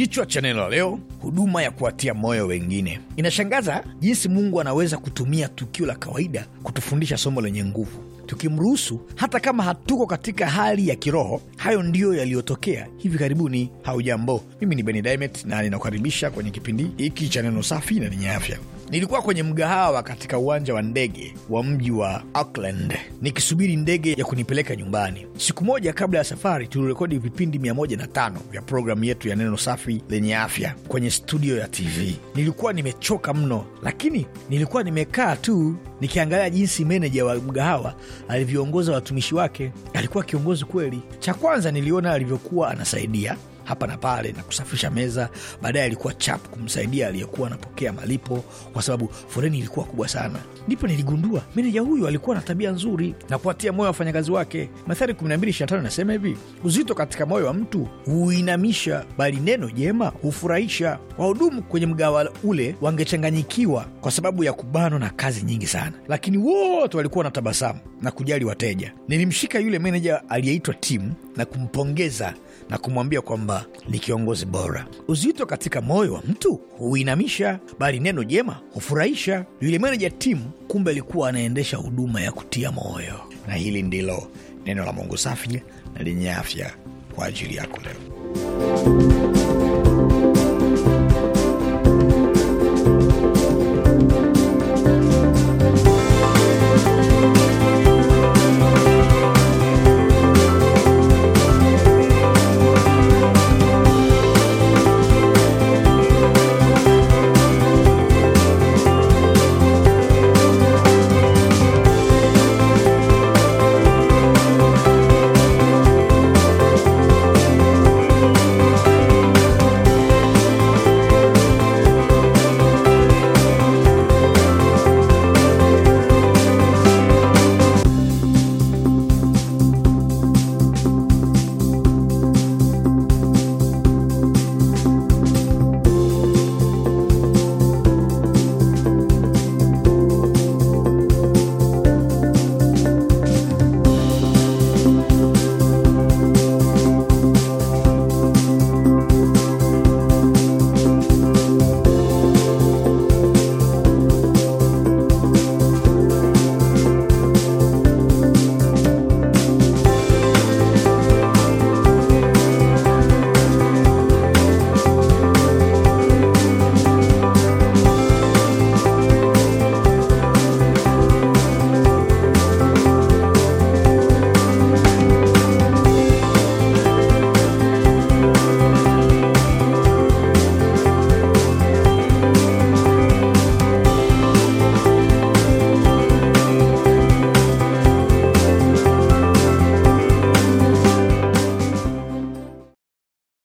Kichwa cha neno la leo, huduma ya kuwatia moyo wengine. Inashangaza jinsi Mungu anaweza kutumia tukio la kawaida kutufundisha somo lenye nguvu tukimruhusu, hata kama hatuko katika hali ya kiroho. Hayo ndiyo yaliyotokea hivi karibuni. Haujambo, mimi ni Beni Dimet na ninakukaribisha kwenye kipindi hiki cha neno safi na lenye afya. Nilikuwa kwenye mgahawa katika uwanja wa ndege wa mji wa Auckland nikisubiri ndege ya kunipeleka nyumbani. Siku moja kabla ya safari, tulirekodi vipindi 15 vya programu yetu ya Neno Safi Lenye Afya kwenye studio ya TV. Nilikuwa nimechoka mno, lakini nilikuwa nimekaa tu nikiangalia jinsi meneja wa mgahawa alivyoongoza watumishi wake. Alikuwa kiongozi kweli. Cha kwanza niliona alivyokuwa anasaidia hapa na pale na kusafisha meza. Baadaye alikuwa chap kumsaidia aliyekuwa anapokea malipo, kwa sababu foleni ilikuwa kubwa sana. Ndipo niligundua meneja huyu alikuwa na tabia nzuri na kuwatia moyo wafanyakazi wake. mathari 125 inasema hivi, uzito katika moyo wa mtu huinamisha, bali neno jema hufurahisha. Wahudumu kwenye mgawa ule wangechanganyikiwa kwa sababu ya kubanwa na kazi nyingi sana, lakini wote walikuwa na tabasamu na kujali wateja. Nilimshika yule meneja aliyeitwa timu na kumpongeza na kumwambia kwamba ni kiongozi bora. Uzito katika moyo wa mtu huinamisha, bali neno jema hufurahisha. Yule meneja timu kumbe alikuwa anaendesha huduma ya kutia moyo, na hili ndilo neno la Mungu safi na lenye afya kwa ajili yako leo.